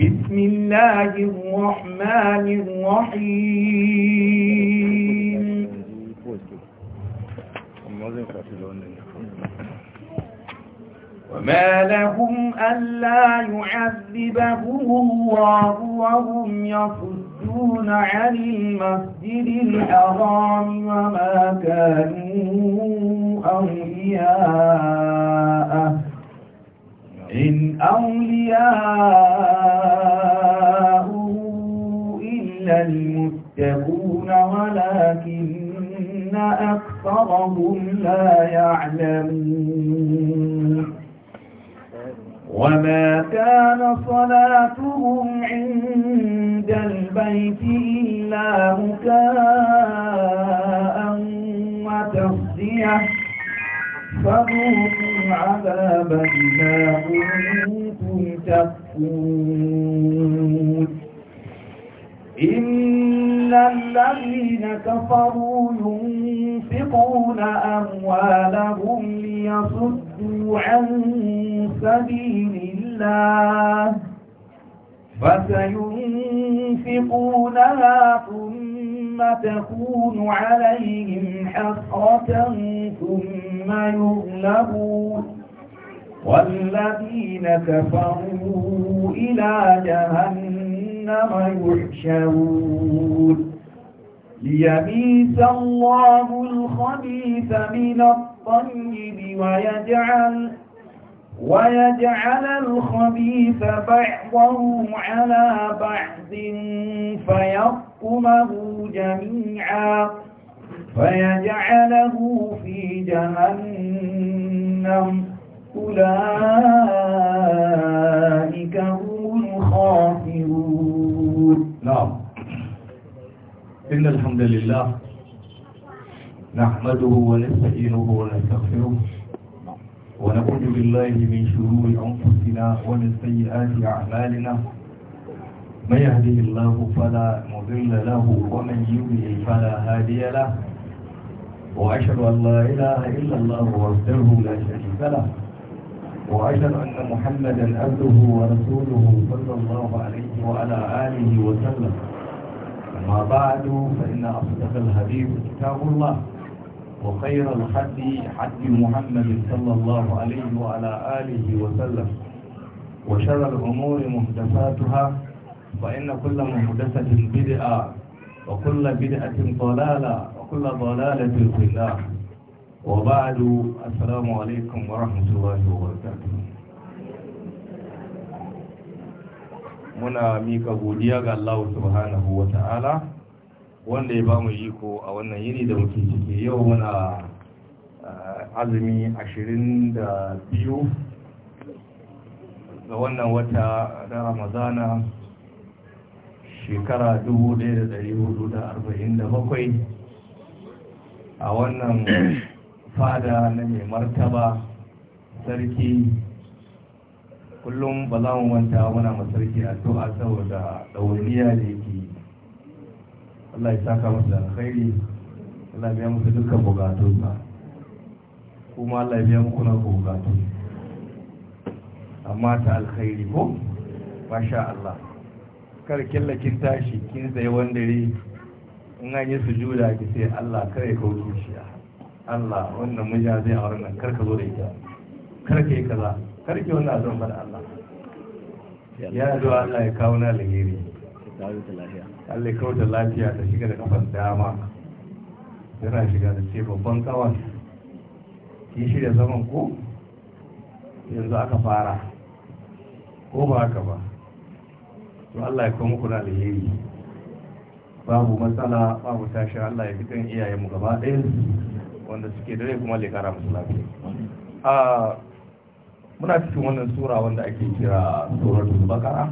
بسم الله الرحمن الرحيم وما لهم ألا يعذبهم الله وهم يصدون عن المسجد الحرام وما كانوا أولياءه إن أولياءه إلا المتقون ولكن أكثرهم لا يعلمون وما كان صلاتهم عند البيت إلا مكاء وتصديه فذوقوا عذاب بما كنتم تكفرون إن الذين كفروا ينفقون أموالهم ليصدوا عن سبيل الله فسينفقونها ثم تكون عليهم حسرة ثم يغلبون والذين كفروا إلى جهنم يحشرون ليبيس الله الخبيث من الطيب ويجعل ويجعل الخبيث بعضه على بعض فيقمه جميعا فيجعله في جهنم أولئك هم الخاسرون نعم إن الحمد لله نحمده ونستعينه ونستغفره ونعوذ بالله من شرور أنفسنا ومن سيئات أعمالنا من يهده الله فلا مضل له ومن يضلل فلا هادي له وأشهد أن لا إله إلا الله وحده لا شريك له وأشهد أن محمدا عبده ورسوله صلى الله عليه وعلى آله وسلم أما بعد فإن أصدق الحديث كتاب الله وخير الحدي حدي محمد صلى الله عليه وعلى آله وسلم وشر الأمور محدثاتها فإن كل محدثة بدعة وكل بدعة ضلالة وكل ضلالة في الله وبعد السلام عليكم ورحمة الله وبركاته muna mika godiya ga Allah subhanahu wa ta'ala wanda ya ba mu ko a wannan yini da muke ciki yau muna eh, azumi ashirin da biyu ga wannan wata na ramazana shekara dubu daya da dari hudu arba'in bakwai a wannan fada na mai martaba sarki kullum ba za mu manta muna masarki a to'a saboda ɗauriya da yake Allah ya saka masa da alkhairi Allah ya biya musu dukkan bukatun sa kuma Allah ya biya muku na bukatun amma ta alkhairi ko masha Allah kar kin tashi kin wanda wandare in an yi sujuda ki sai Allah kar ya kawo shi Allah wannan mija zai auren nan kar ka zo da ita kar ka yi kaza kar ki wannan azan bar Allah ya zuwa Allah ya kawo na alheri kawo ta lafiya Allah kawo ta lafiya ta shiga da kafar dama yana shiga da ce babban kawan ki shirya zaman ko yanzu aka fara ko ba haka ba to Allah ya kuma muku na alheri babu matsala babu tashi Allah ya fitan mu gaba ɗaya wanda suke dare kuma le kara musu lafiya a muna cikin wannan sura wanda ake kira suratul bakara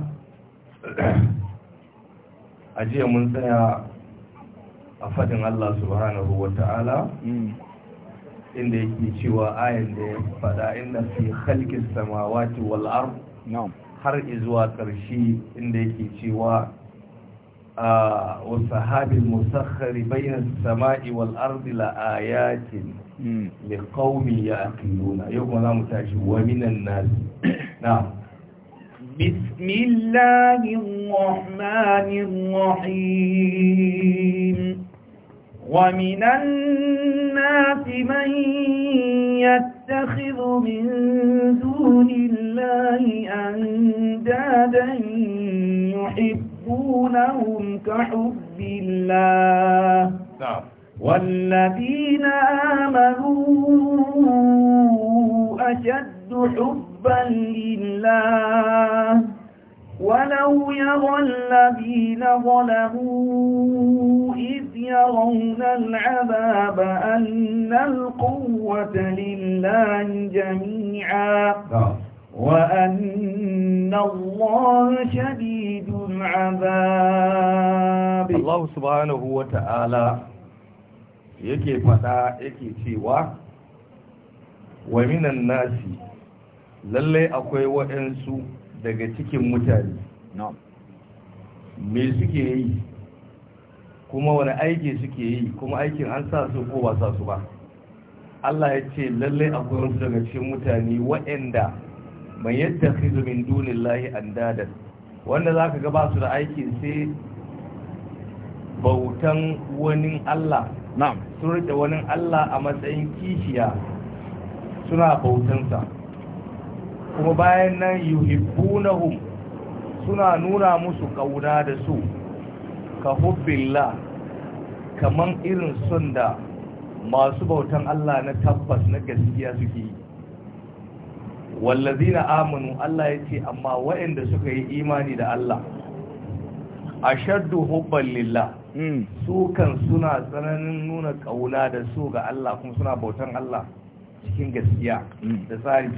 a jiya mun tsaya a fadin Allah subhanahu wa ta'ala hmm. inda yake cewa ayan da ya fada inda fi halkis samawati wal ard har izuwa karshe inda yake cewa a wasahabil musakhkhari bayna samai wal ard la ayatin hmm. liqaumi yaqiluna yau kuma za mu tashi wa minan nas na'am بسم الله الرحمن الرحيم ومن الناس من يتخذ من دون الله أندادا يحبونهم كحب الله نعم. والذين آمنوا أشد حبا حبا لله ولو يرى الذين ظلموا إذ يرون العذاب أن القوة لله جميعا نعم. وأن الله شديد العذاب الله سبحانه وتعالى يكي فتا يكي cewa ومن الناس lallai akwai waɗansu daga cikin mutane me suke yi kuma wani aiki suke yi kuma aikin an sa su ko ba sa su ba Allah ya ce lallai akwai wasu daga cikin mutane waɗanda mai yadda min dunin lahi an dadar wanda za ka gaba su da aiki sai bautan wani Allah sun rike wani Allah a matsayin kishiya suna bautansa kuma bayan nan yuhibbunahum suna nuna musu kauna da su ka hubbilla kaman irin son da masu bautan Allah na tabbas na gaskiya suke yi wallazina amanu Allah ya ce amma waɗanda suka yi imani da Allah ashaddu hubban lillah hmm. su kan suna tsananin nuna kauna da su ga Allah kuma suna bautan Allah cikin gaskiya hmm. da tsari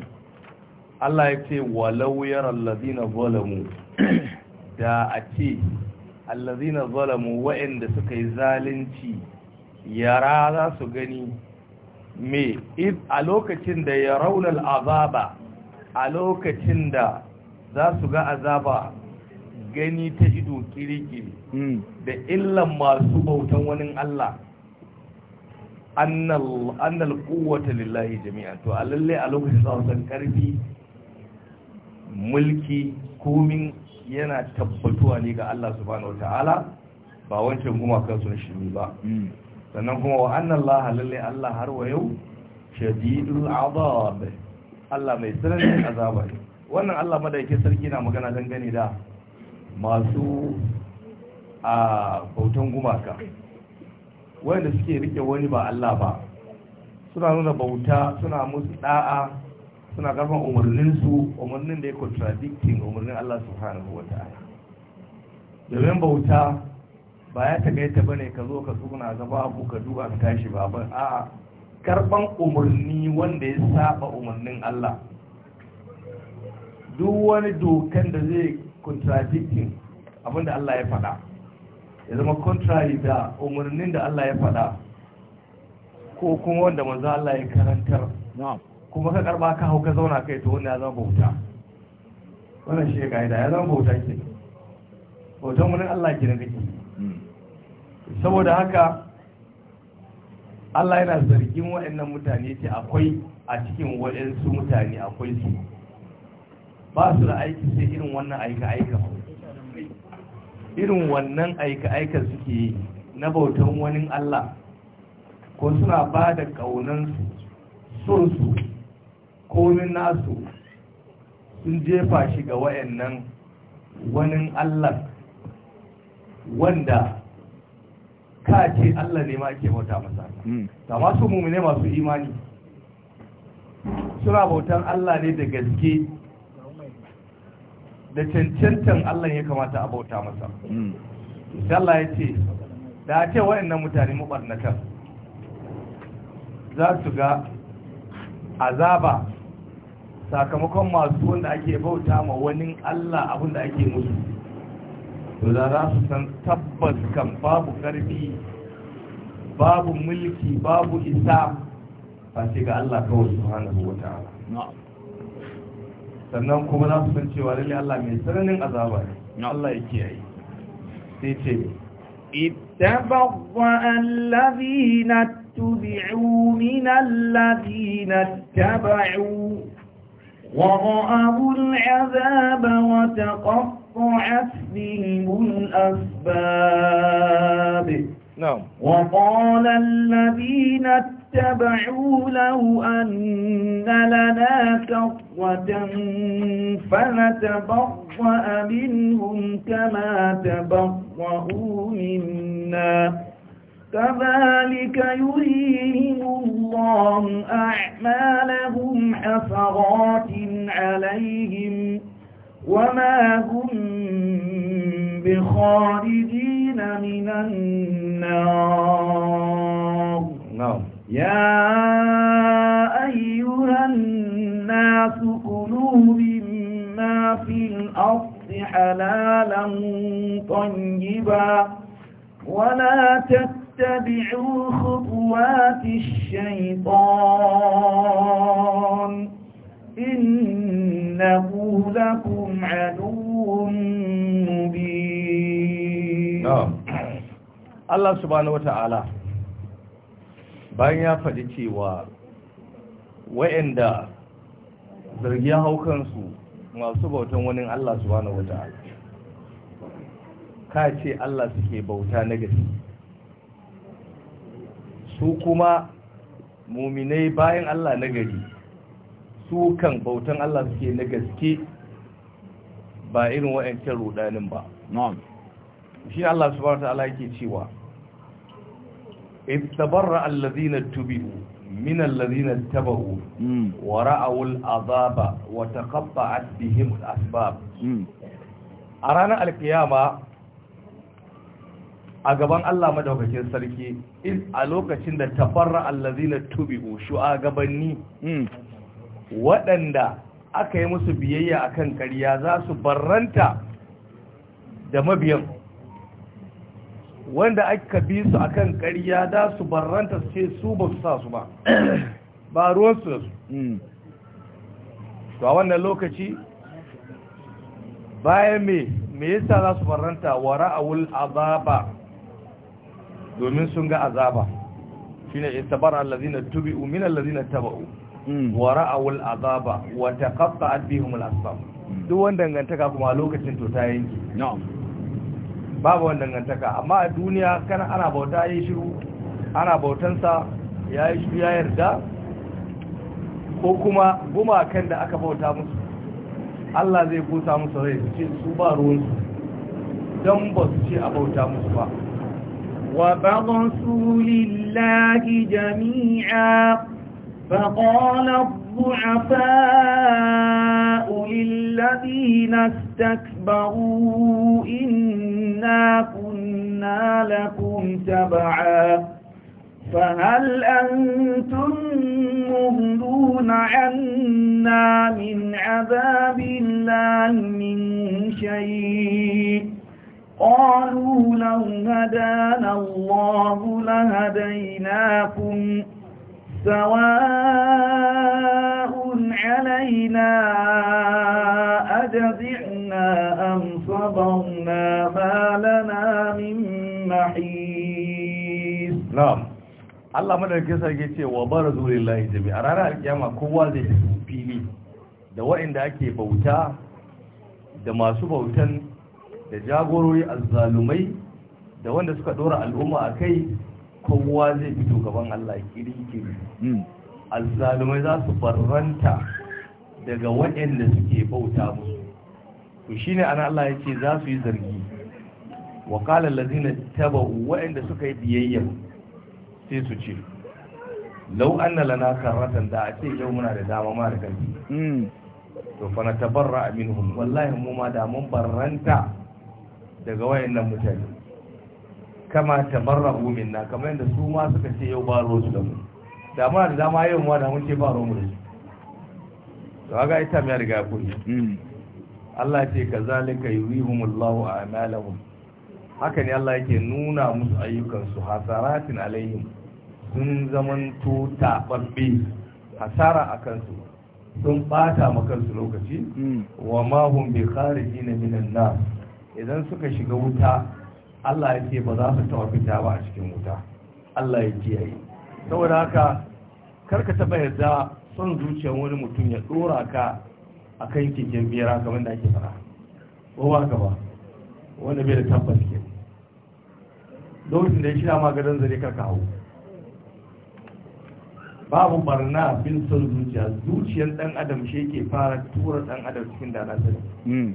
Allah ya ce walau yaral ladina zalamu da a ce allazina zalamu wa'anda suka yi zalunci yara za su gani me a lokacin da ya raunar azaba a lokacin da za su ga azaba gani ta ido kirikiri hmm. da illan masu bautan wani Allah annal kuwata lillahi jami'a to a lalle a lokacin sautan karfi mulki komin yana tabbatuwa ne ga Allah subhanahu wata'ala ba wancan kuma kansu na ba mm. sannan kuma wa annan laha lalle Allah har wa yau shadidul azab Allah mai tsananin azaba ne wannan Allah madaukakin sarki na magana dangane da masu a bautan gumaka wanda suke rike wani ba Allah ba suna nuna bauta suna musu da'a suna karfan su umarnin da ya contradicting umarnin Allah subhanahu wa ta'ala domin bauta ba ya tagaita bane ka zo ka suna ga babu ka duba ka tashi ba a karban umarni wanda ya saba umarnin Allah duk wani dokan da zai contradicting abinda Allah ya faɗa ya zama contrary da umarnin da Allah ya faɗa ko kuma wanda manzo Allah ya karantar na'am kuma ka karba ka hau ka zauna kai to wanda ya zama bauta wannan shi ya ka'ida ya zama bauta ke bautan wani Allah ke na kake saboda haka Allah yana zargin waɗannan mutane ce akwai a cikin waɗansu mutane akwai su ba su da aiki sai irin wannan aika-aika irin wannan aika-aika suke yi na bautan wani Allah ko suna ba da ƙaunansu su. komin nasu sun jefa shi ga wayannan wani allah wanda ka ce allah ne ma ke bauta masa ta hmm. masu mummune masu imani suna bautan allah ne da gaske da cancantan allah ya kamata a bauta masa hmm. Allah ya ce da a ce waɗannan mutane mabarnatan za su ga azaba sakamakon masu wanda ake bauta ma wani Allah abin da ake musu to da za su san tabbas kan babu ƙarfi, babu mulki babu isa ba sai ga Allah kawai su hana wata'ala sannan kuma za su san cewa lalle Allah mai tsananin azaba ne Allah ya kiyaye sai ce ittabaqwa alladhina tubi'u min alladhina tabau ورأوا العذاب وتقطعت بهم الأسباب نعم وقال الذين اتبعوا له أن لنا كرة فنتبرأ منهم كما تبرأوا منا كذلك يريهم الله أعمالهم حسرات عليهم وما هم بخارجين من النار no. نعم. يا أيها الناس كلوا مما في الأرض حلالا طيبا ولا تتبعوا واتبعوا خطوات الشيطان إنه لكم عدو مبين الله سبحانه وتعالى bayan ya faɗi cewa wa'anda zargi haukansu masu bautan wani Allah subhanahu wata'ala ka ce Allah suke bauta na su kuma muminai bayan Allah na gari su kan bautan Allah suke na gaske ba irin wa'ancan rudanin ba shi Allah subhanahu ta'ala yake cewa istabarra allazina tubu min allazina tabu mm. wa ra'awul azaba wa taqatta'at bihim al-asbab mm. a ranar alkiyama a gaban Allah madaukakin sarki a lokacin da tafarra allazina tubi'u shugabanni hmm. waɗanda aka yi musu biyayya akan ƙarya za su barranta da mabiyan wanda aka bi su akan ƙarya za su barranta su ce su ba su sa su ba ba ruwansu da su hmm. to a wannan lokaci bayan me me yasa za su barranta wara'awul azaba domin sun ga azaba ne istabar allazina tubi'u min allazina taba'u hmm. wa ra'aw al'azaba wa taqatta'at bihum al'asbab hmm. duk wanda dangantaka kuma lokacin to ta yanke na'am babu wanda dangantaka amma a duniya kana ana bauta yayi shiru ana bautansa yayi shiru ya yarda ko kuma gumakan da aka bauta musu Allah zai kusa musu rai su ce su ba ruwansu don ba su ce a bauta musu ba وبرسوا لله جميعا فقال الضعفاء للذين استكبروا إنا كنا لكم تبعا فهل أنتم مهدون عنا من عذاب الله من شيء قالوا لو هدانا الله لهديناكم سواء علينا أجزعنا أم صبرنا ما لنا من محيص نعم Allah madaukakin sarki ce wa barazu lillahi jami'a ranar alkiyama kowa zai fili da waɗanda ake bauta da masu bautan da jagorori alzalumai, da wanda suka dora al'umma a kai kowa zai fito gaban Allah kiri-kiri hmm. azzalumai za su barranta daga waɗanda suke bauta musu to shine ana Allah ya ce za su yi zargi wa qala allazina tabu waɗanda suka yi biyayya sai su ce law anna lana karatan da a ce yau muna da dama ma da karfi hmm. to fa natabarra minhum wallahi mu ma da mun barranta daga wayannan mutane kama tabarrahu minna kamar yadda su ma suka ce yau ba ruwa da mu da muna da dama yau ma da mun ce ba ruwa mu da su to ga ita mai riga kuri hmm. Allah ce kazalika a a'malahum haka ne Allah yake nuna musu su hasaratin alaihim sun to taɓaɓɓe hasara a kansu sun ɓata makansu lokaci hmm. wa ma hum bi kharijin minan nas idan suka shiga wuta Allah ya ce ba za su taɓa ba a cikin wuta Allah ya kiyaye saboda haka karka taɓa yadda son zuciyar wani mutum ya ɗora ka a kan keken bera kamar da ake fara ko ba ka ba wanda bai da tabbas ke lokacin da ya shirya maganin zare ka kawo babu barna bin son zuciya zuciyar ɗan adam shi ke fara tura ɗan adam cikin dana sani hmm.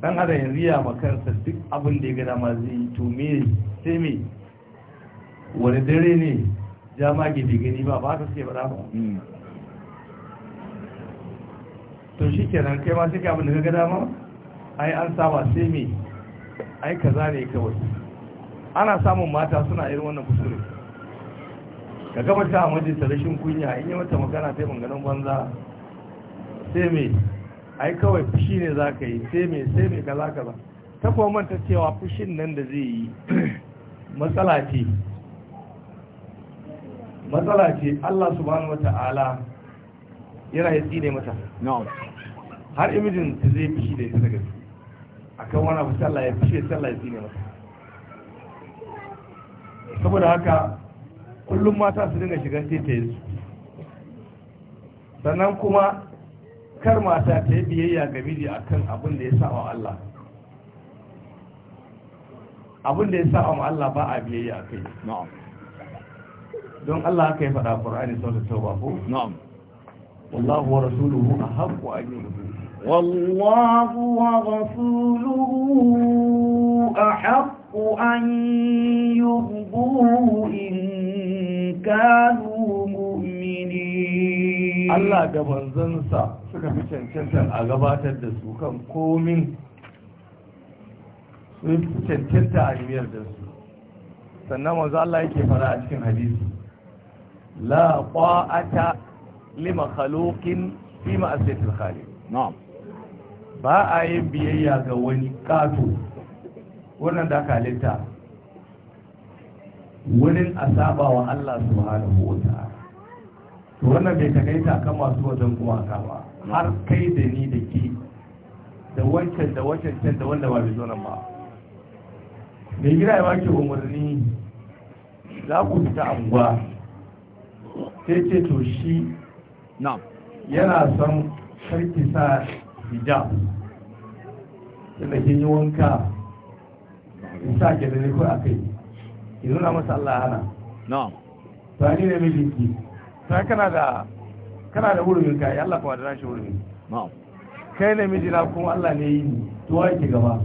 dan adam yanzu ya makarsa duk abin da ya gada ma zai to me sai me wani dare ne jama ke da gani ba ba ta suke ba ba hmm. to shi kenan kai ma sai ka abin da ka gada ma ai an saba sai me ai kaza ne kawai ana samun mata suna irin wannan kusuri ka gaba ta a majinta rashin kunya in yi mata magana sai banganan banza sai me ai kawai fushi ne za ka yi sai mai sai mai kaza kaza ta kuma manta cewa fushin nan da zai yi matsala ce matsala ce Allah subhanahu ta'ala yana yi tsine mata har imijin ta zai fushi da ita daga a kan wani abu sallah ya fushi sallah ya tsine mata saboda haka kullum mata su dinga shigan tetayensu sannan kuma kar mata ta yi biyayya ga miji akan abin da ya sa wa Allah abin da ya sa wa Allah ba a biyayya a kai na'am don Allah haka ya faɗa da sau ba ko na'am wallahu wa rasuluhu ahaqqu an yu'minu wallahu wa rasuluhu ahaqqu أن يرضوه إن كانوا مؤمنين الله قبل زنسا سكفي شنشنشن أقبات الدسو كم قومين sun fi cancanta a niyyar da su sannan wanzu Allah yake fara a cikin hadisi la qa'ata lima makhluqin fi ma'asiyatil khaliq ba a yin biyayya ga wani ƙato. wannan da aka halitta wurin a saba wa Allah subhanahu wa ta'ala to wannan bai takaita kan masu wajen gumaka ba har kai da ni da ke da wancan da wancan da wanda ba bai zo nan ba mai gida ya baki umarni za ku fita anguwa sai ce to shi yana son sarki sa hijab da kin yi wanka in sa da a kai ki nuna Allah hana ni ne mijinki kana da Allah ka kai mijina kuma Allah ne yi gaba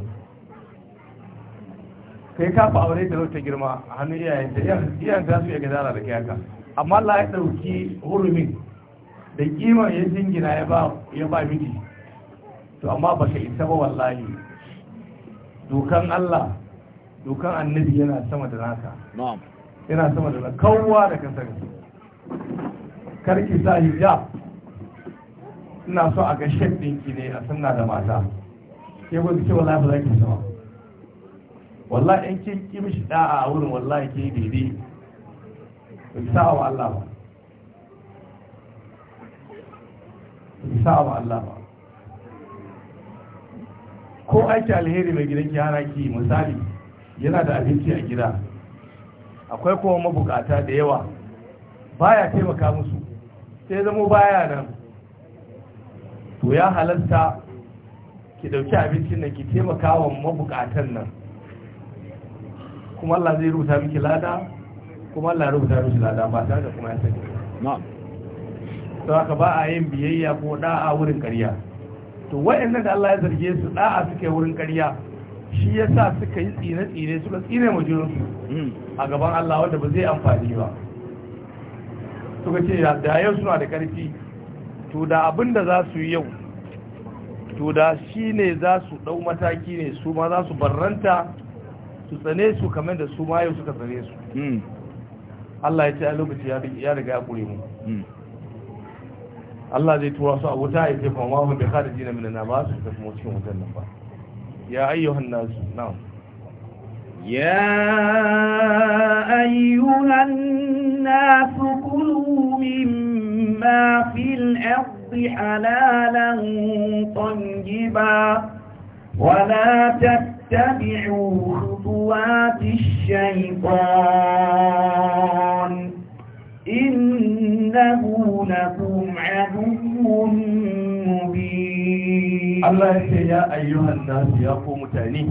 kai ka fa aure da ta girma a hannun iyayen ta iyayen ta su iya gadara da kai haka amma Allah ya dauki hurumin da kima ya jingina ya ba ya ba miji to amma baka isa ba wallahi dokan Allah dokar annabi yana sama da naka yana sama da kawuwa da kasar karki sa hijab ina so a ga shek ɗinki ne a sanna da mata ke ba suke wallahi ba za ki sama wallahi in kin ki mishi da'a a wurin wallahi ke daidai ba ki wa Allah ba ki sa'a wa Allah ba ko aiki alheri mai ki hana ki misali yana da abinci a gida akwai kuma mabukata da yawa baya taimaka musu sai zamo baya nan to ya halarta ki dauki abincin nan ki taimaka wa mabukatan nan kuma Allah zai rubuta miki lada kuma Allah rubuta miki lada ba tare da kuma ya sani na'am to haka ba a yin biyayya ko da'a wurin ƙarya to wa'annan da Allah ya zarge su da'a suke wurin ƙarya shi ya sa suka yi tsire-tsire suka tsire majirinsu hmm. a gaban Allah wanda ba zai amfani ba suka ce da yau suna da ƙarfi to da abin da za su yi yau to da shi ne za su ɗau mataki ne su ma za su barranta su tsane su kamar da su ma yau suka tsane su hmm. Allah ya ce a lokaci ya riga ya ƙure mu hmm. Allah zai tura su a wuta ya ce kuma mahu bai kada jina mina na ba su ta kuma cikin wutan nan ba يا أيها الناس نعم يا أيها الناس كلوا مما في الأرض حلالا طيبا ولا تتبعوا خطوات الشيطان إنه لكم عدو Allah ya ce ya ayyuhan nasu ya ko mutane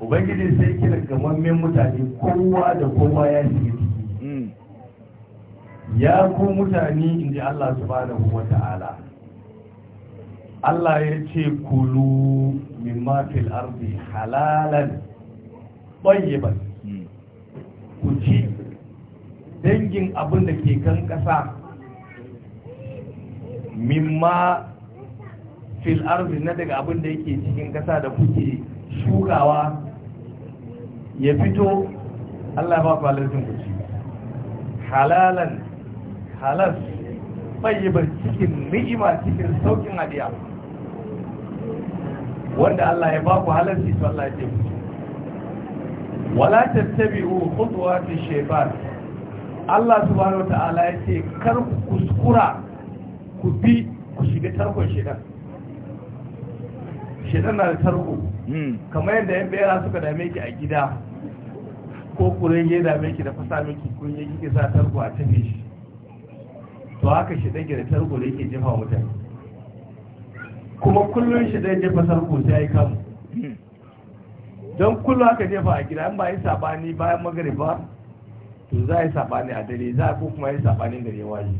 ubangiji sai kira gamammen mutane kowa da kowa ya shiga ciki hmm. ya ko mutane in ji Allah subhanahu wa ta'ala Allah ya ce kulu mimma fil ardi halalan tayyiban hmm. ku ci dangin abin da ke kan ƙasa mimma fil arzi na daga abin da yake cikin ƙasa da kuke shukawa ya fito Allah ba ku halarcin kuci halalan halas bayyabar cikin ni'ima cikin saukin hadiya wanda Allah ya ba ku halarci to Allah ya ce wala tattabi'u khutuwati shaytan Allah subhanahu wa ta'ala ya ce kar ku kuskura ku bi ku shiga tarkon shaytan shedan na da tarko hmm. kamar yadda yan bera suka dame ki a gida ko kuren ya dame ki da fasa miki kun yi kike sa tarko a tafi shi to haka shedan ki da tarko da yake jefa mutane kuma kullum shedan jefa tarko sai ya yi kamu hmm. don kullum haka jefa a gida in ba yi sabani bayan ba to za a yi sabani a dare za a ko kuma yi sabani da yawa yi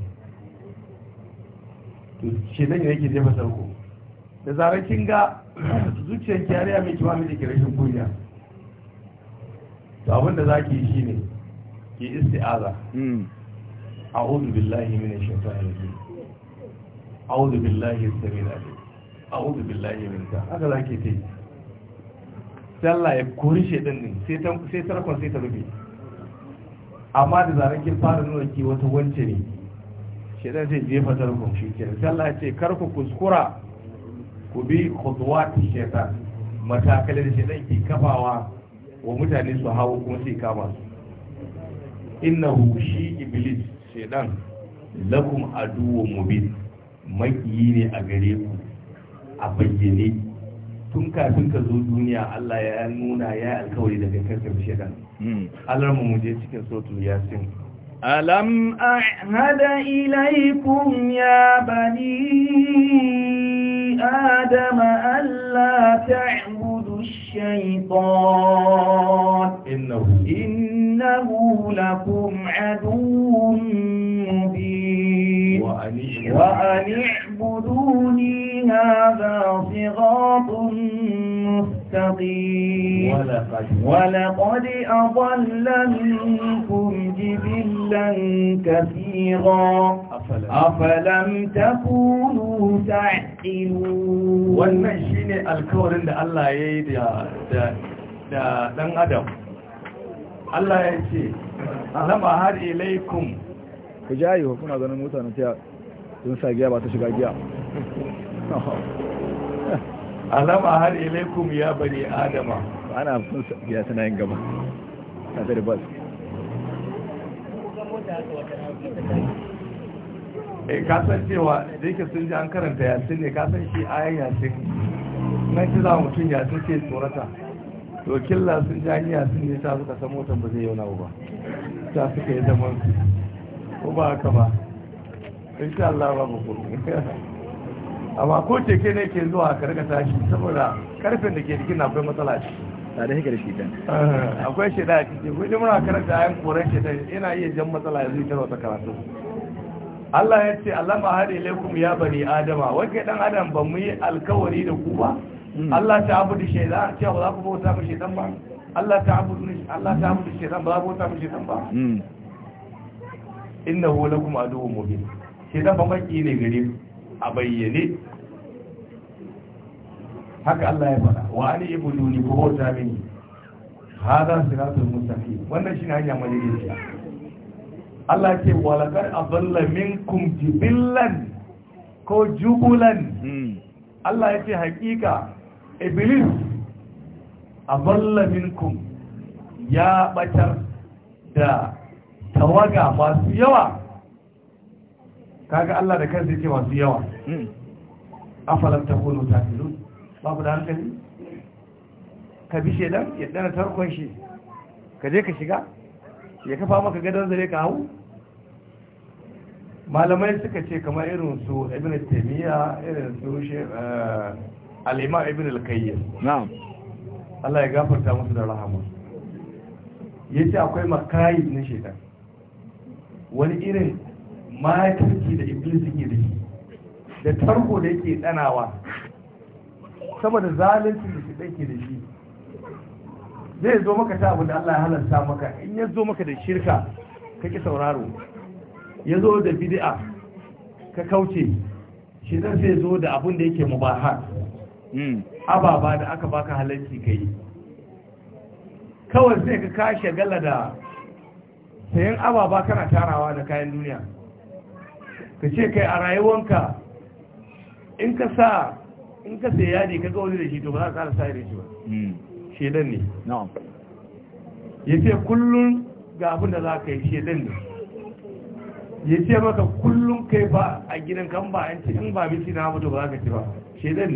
to shedan yake jefa tarko da zarar kin ga zuciyar ki mai kiwa mai ki rashin kunya to abinda za ki yi shi ne ki isti'aza hmm. a'udhu billahi minash shaitanir a a'udhu billahi as-samii ne a a'udhu billahi min ta haka ta yi sallah ya kori shedan ne sai sai tarkon sai ta rufe amma da zaran kin fara nuna ki wata wance ne shedan zai jefa tarkon shi kenan sallah ya ce kar kuskura ku bi khutuwati shaitan matakalar shaitan ke kafawa wa mutane su hawo kuma sai kama su innahu shi iblis shaitan lakum aduwwun mubin makiyi ne a gare ku a bayyane tun kafin ka zo duniya Allah ya nuna ya alkawari daga kankan shaitan hmm. Allah mu je cikin sotu yasin ألم أعهد إليكم يا بني آدم ألا تعبدوا الشيطان إنه, إنه لكم عدو مبين وأن اعبدوني هذا صراط مستقيم ولقد أضل منكم جبلا كثيرا أفلم تكونوا تعبدون يوقنون wannan shine alkawarin da Allah ya da da dan adam Allah ya ce alama har ilaikum ku jayi ku kuna ganin mutanen ta sun sa giya ba ta shiga giya alama har ilaikum ya bani adama ana sun sa giya tana yin gaba ta da bas eh ka san cewa da yake sun ji an karanta yasin ne ka san shi ayan yasin nan ki za mutum yasin ce tsorata to killa sun ji an yasin ne ta suka san motan ba zai yau ba ta suka yi zaman ko ba haka ba insha Allah ba ku amma ko keke ne ke zuwa ka rika tashi saboda karfin da ke jikin akwai matsala ce tare shi karfi ta akwai shida a cikin gudunmura karanta ayan shi dan yana iya jan matsala ya zai wata karatu Allah ya ce Allah mahari laikum ya bani adama wanke dan adam ba mu yi alkawari da ku ba hmm. Allah ta abudu shaytan ce ba za ku bauta mu shaytan ba Allah ta abudu Allah ta abudu shaytan ba za ku bauta mu shaytan ba hmm. innahu lakum aduwwun mubin shaytan ba maki ne gare ku a bayyane haka Allah ya faɗa wa ani ibuduni ku bauta mini hada siratul mustaqim wannan shine hanya madaidaiciya Allah ce walakar aballa kum jibillan ko jubulan hmm. Allah ya ce hakika iblis aballa kum ya batar da tawaga masu yawa kaga Allah da kansa yake masu yawa hmm. afalam takunu tafilun babu da hankali ka bi shaidan, ya ɗana tarkon shi ka je ka shiga ya kafa maka gadon zare ka hau malamai suka ce kamar irin su ibn taymiya irin su al eh, alima ibn al na'am Allah ya gafarta musu da Ya yace akwai makayi na shaitan wani irin makirci da iblis yake da shi da tarko da yake danawa sama da zalunci da shi ɗanke da shi zai zo maka ta abu da Allah ya halarta maka in ya zo maka da shirka kake sauraro ya zo da bid'a ka kauce shi zan sai zo da abin da yake mubahar hmm. ababa da aka baka halarci ka yi kawai sai ka ka shagala da sayan ababa kana tarawa da kayan duniya ka ce kai a rayuwanka in ka sa in ka sai yadi ka ga wani da shi to ba za ka kara sa irin shi ba hmm. shedan ne ya ce kullum ga abin da za ka yi shedan ne ya ce maka kullum kai ba a gidan kan ba a in ba bici na mutu ba za ka ci ba shedan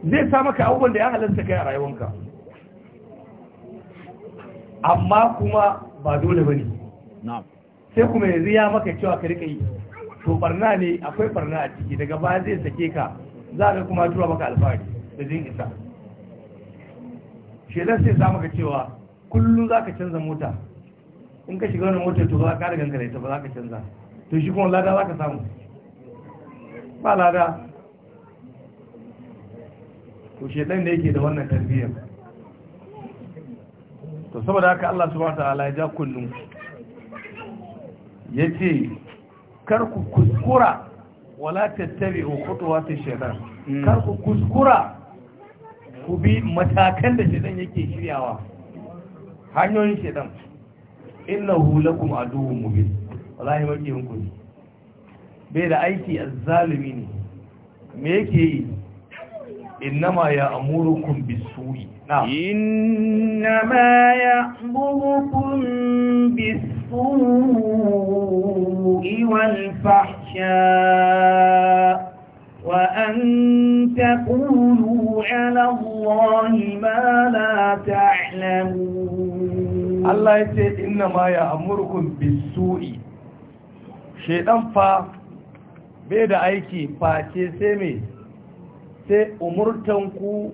ne zai sa maka abubuwan da ya halarta kai a rayuwanka amma kuma ba dole ba ne sai kuma yanzu ya maka cewa ka rika yi to barna ne akwai barna a ciki daga baya zai sake ka za ka kuma tura maka alfahari da jin isa shedan sai sa maka cewa kullum za ka canza mota in ka shiga wani motar to za ka da gangare ta ba za ka canza to shi kuma lada za ka samu ba lada to shedan da yake da wannan tarbiyyar to saboda haka Allah subhanahu ta'ala ya ja kullu yace kar ku kuskura wala tattabi'u khutuwati shaytan mm. kar ku kuskura ku bi matakan da shedan yake shiryawa hanyoyin shedan innahu lakum aduwwun mubin wallahi mafi ku bai da aiki azzalimi ne me yake yi innama ya amurukum bisu'i innama ya'murukum bisuri wal fahsha wa an taqulu 'ala allahi ma la ta'lamun Allah ya ce inna ma ya amurkun bisu'i shedan fa bai da aiki face sai mai sai umurtanku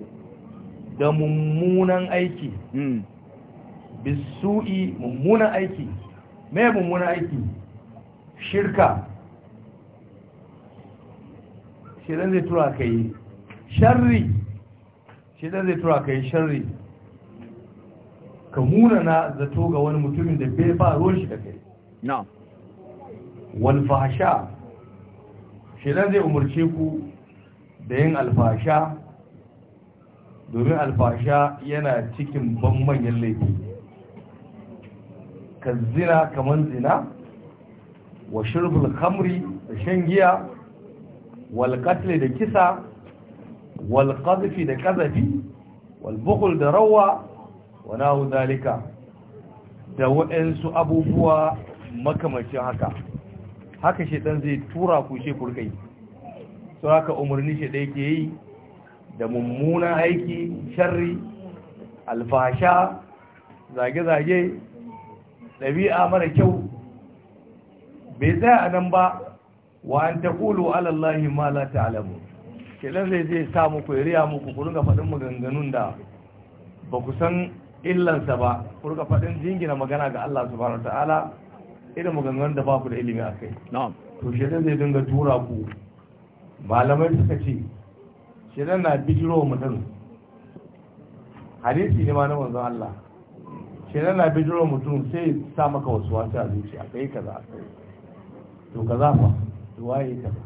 da mummunan aiki hmm. bisu'i mummunan aiki mai mummunan aiki shirka shedan zai tura ka yi sharri shedan zai tura ka yi sharri ka munana zato ga wani mutumin da bai ba ruwan shi da kai na wal fahsha dan zai umurce ku da yin alfasha domin alfasha yana cikin ban manyan laifi ka zina kamar zina wa shirbul kamri da shan giya wal qatl da kisa wal da ƙazafi, wal bukhl da rawa wana zalika da waɗansu abubuwa makamacin haka haka shaitan zai tura ku shi kurkai su haka umarni shi da yake yi da mummunan aiki sharri alfasha zage-zage ɗabi'a mara kyau bai tsaya a nan ba wa an ta ƙulu alallahi ma la alamu. kelan zai zai sa muku ya riya muku ku ringa faɗin maganganun da ba ku san illansa ba ku rika faɗin jingina magana ga Allah subhanahu ta'ala irin maganganun da babu da ilimi a kai to shedan zai dinga tura ku malamai suka ce shedan na bijiro mutum hadisi ne ma na manzon Allah shedan na bijiro mutum sai sa maka wasu wasu a zuciya kai kaza kai to kaza fa to waye kaza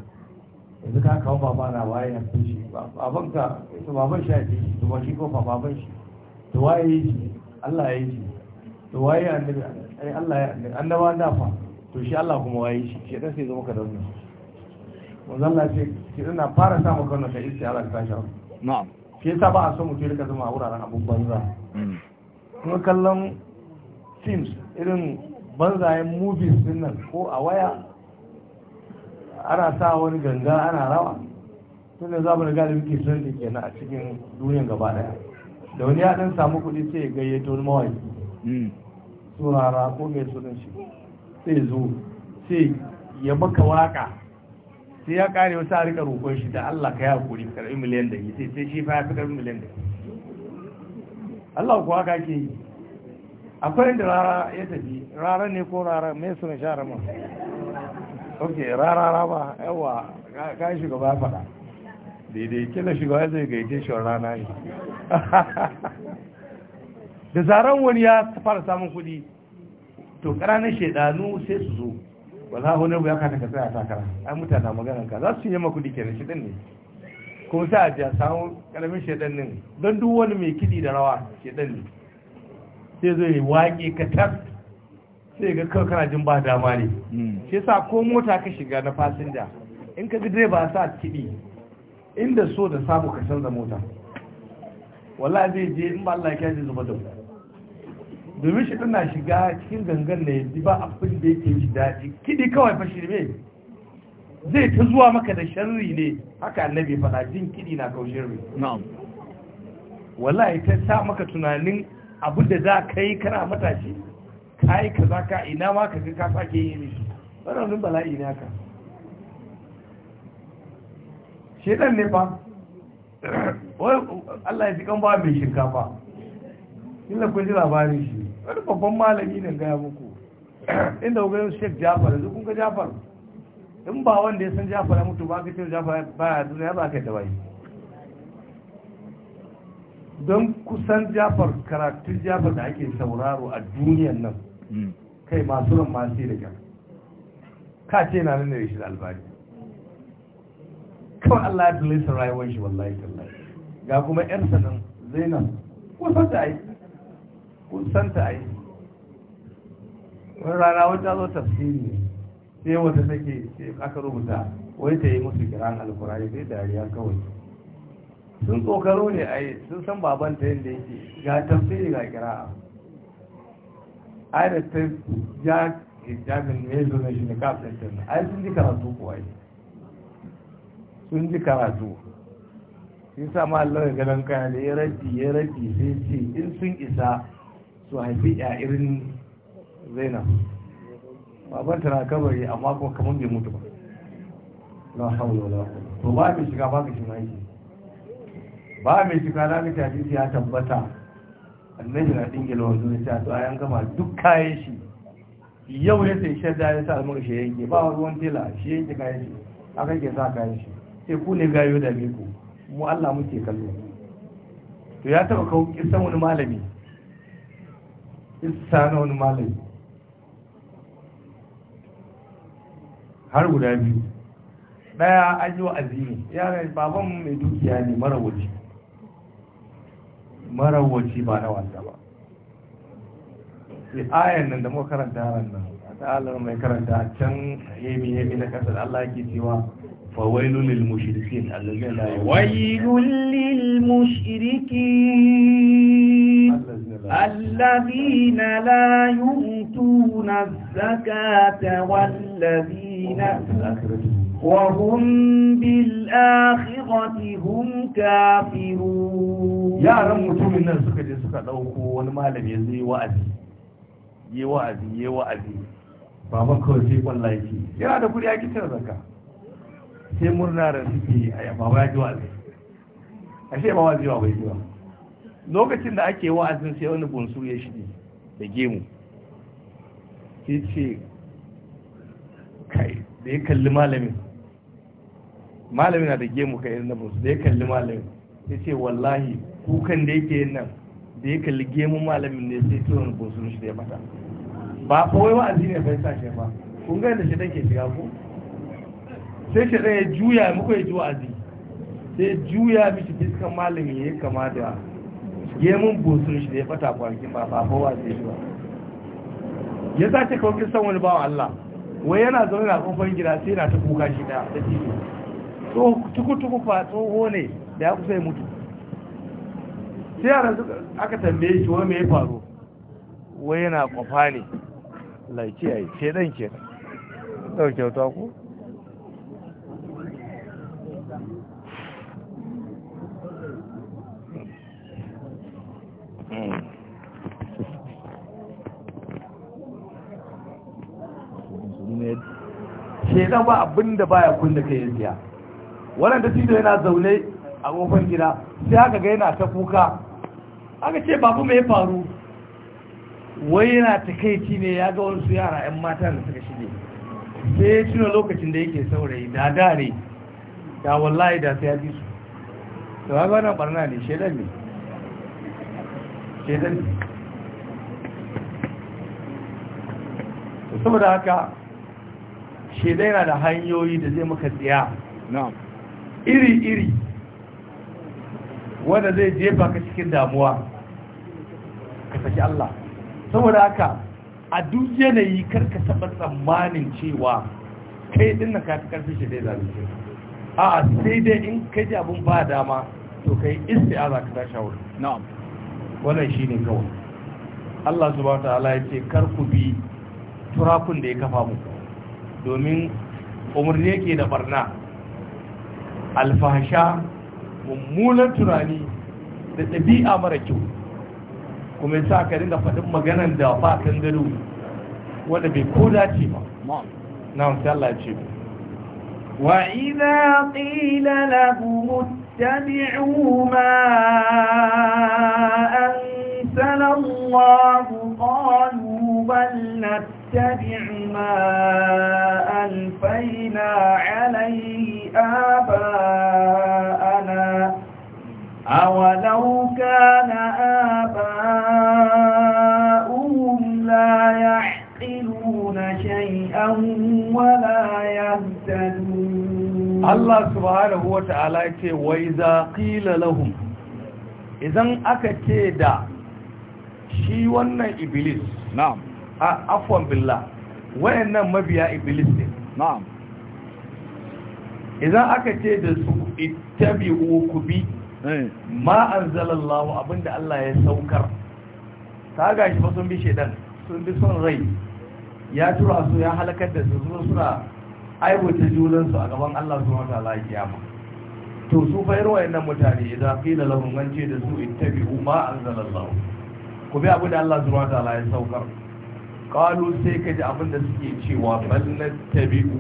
yanzu ka kawo baba na waye ya fushi shi baban ka baban shi ya fi to ba shi ko baban shi da waye shi? Allah ya shi. da waye annabi Allah ya annabi annaba da fa to shi Allah kuma waye shi shi dan sai zo maka dauna. wannan manzo Allah ce ki ina fara sa maka wannan sai Allah ta sha na'am ke ta ba a so mutum tilka zama a wuraren abun banza mm. kuma kallon films irin banzayen movies din nan ko a waya ana sa wani ganga ana rawa tunda da za mu riga da muke sirri kenan a cikin duniyan gaba daya da wani ya dan samu kuɗi sai ya gayyato wani mawaki turara hmm. ko mai sunan shi sai zo sai ya maka waka sai ya kare wasu a rika roƙon shi da Allah ka ya kuri karɓi miliyan da sai sai shi fa ya fi karɓi miliyan da Allah kuwa ka ke yi akwai inda rara ya tafi rara ne ko rara mai sunan sha rama? ok rara raba yawa ka shugaba faɗa daidai kila shugaba zai gaice shi rana ne da zaren wani ya fara samun kudi to ƙananan shaidanu sai su zo wala wani ya kata ka tsaya takara ai mutane maganar ka za su yi ma kudi kenan shaidan ne kuma sai a ji a samu ƙaramin shaidan ne don duk wani mai kidi da rawa shaidan ne sai zo yi waƙe ka tar sai ga kawai kana jin ba dama ne hmm. shi sa ko mota ka shiga na fasinja in ka ji direba sa kidi inda so da samu ka canza mota wallahi zai je in ba Allah ya zai zuba da ku domin shi tana shiga cikin gangan ne yanzu ba abin da yake ji daɗi kiɗi kawai fa shirme zai ta zuwa maka da sharri ne haka annabi faɗa jin kiɗi na kawo sharri wallahi ta sa maka tunanin abu da za ka yi kana matashi ka yi ka za ina ma ka ka sake yi ne wannan bala'i ne haka shedan ne fa Allah ya ji kan ba mai shinkafa inda kun ji labarin shi wani babban malami ne gaya muku inda kuka yin shek jafar zuku kun ga jafar in ba wanda ya san jafar ya mutu ba ka ce jafar baya duniya ya ba ka yi dawayi don kusan jafar karatun jafar da ake sauraro a duniyan nan hmm. kai masu ran masu da kyan ka ce na nan da shi da albari. kawai Allah ya dalisa rayuwar shi wallahi ga kuma yarsa nan zainab kusan ta ai kusan ta ai wani rana wata zo tafsiri sai wata take aka rubuta wai ta yi musu kiran alkurari sai dariya kawai sun tsokaro ne ai sun san baban ta yadda yake ga tafsiri ga kira ai da ta ja jamin ne zo na shi ne kafin ai sun ji karatu kuwa sun ji karatu Sai sa ma Allah ga nan kaya da ya rabi ya rabi sai ce in sun isa su haifi a irin zaina babban tana kabari amma kuma kamar bai mutu ba na hawla wala to ba mai shiga ba ka na yi ba mai shiga na mita hadisi ya tabbata annabi na dingila wanzu ne ta to ayan gama duk kayan shi yau ya sai shadda ya sa almar shi yanke ba ruwan tela shi yanke kayan shi akan ke sa kayan shi sai ku ne gayo da ku mu Allah muke kallo to ya taba kawo kisan wani malami kissa na wani malami har guda biyu daya an yi wa'azi ne yaran baban mai dukiya ne mara wuce mara wuce ba na wanda ba sai ayan nan da muka karanta ran nan a ta'alar mai karanta can hemi hemi na kasar Allah yake cewa فويل للمشركين الذين لا ويل للمشركين الذين لا يؤتون الزكاة والذين وهم بالآخرة هم كافرون يا رب متومن سكا je suka dauko wani malami yanzu yi wa'azi baban kawai sai kwallaye yana da sai murna da suke a yamma ba ji wa'azi a shi ba wa'azi ba bai ji ba lokacin da ake wa'azin sai wani bunsu ya shi da gemu sai ce kai da ya kalli malamin malamin na da gemu kai irin na bunsu da ya kalli malamin sai ce wallahi kukan da yake yin nan da ya kalli gemun malamin ne sai wani bunsu shi da ya mata ba kawai wa'azi ne bai sa shi ba kun ga da shi take shiga ko sai shi ɗaya juya muku ya ji wa'azi sai juya mishi fiskan malami ya kama da gemun bosun shi da ya fata kwanakin ba ba ba wa'azi shi ba ya sace kawai kisan wani bawa Allah wai yana zaune na kofar gida sai yana ta kuka shi da ta tuku tukutuku fa tsoho ne da ya kusa ya mutu sai yaran aka tambaye shi wai me ya faru wai yana kofa ne laici a yi ce ɗan ke dauke wata ku shedan ba abin da baya kunna kai ya siya wannan da tido yana zaune a kofar gida sai haka ga yana ta kuka aka ce babu mai faru wai yana ta takaici ne ya ga wasu yara 'yan mata da suka shige sai ya tuna lokacin da yake saurayi da da ne da wallahi da sai ya ji su da wani wannan barna ne shedan ne shedan ne saboda haka shaidan yana da hanyoyi da zai muka tsaya iri-iri wanda zai jefa ka cikin damuwa ka saki Allah saboda haka a duk yanayi karka taɓa tsammanin cewa kai din na kafi karfi shi dai ce a sai dai in kai ji abin ba dama to kai za ka tashi wuri Wannan shi ne kawai Allah subhanahu wa ta'ala ya ce kar ku bi turakun da ya kafa muku domin umarni yake da barna alfahasha mummunan tunani da ɗabi'a mara kyau kuma sa ka rinda faɗin maganan da ba kan gado wanda bai ko dace ba na sai Allah ce وإذا قيل لهم ma? An أنزل الله قالوا بل نتبع نتبع ما ألفينا عليه آباءنا أولو كان آباؤهم لا يحقلون شيئا ولا يهتدون الله سبحانه وتعالى وإذا قيل لهم إذن أكتدا شي ونن إبليس نعم afwan billah wayannan mabiya iblis ne na'am idan aka ce da su ittabi'u kubi eh. ma anzalallahu abinda Allah ya saukar ta gashi ba sun bi shedan sun bi son rai ya tura su ya halakar da su suna aiwata junansu a gaban Allah su wata lafiya ma, to su bayar wayannan mutane idan qila lahum man ce da su ittabi'u ma anzalallahu ku bi abu da Allah subhanahu wa ta'ala ya saukar qalu sai ka ji abinda suke cewa bal na nattabi'u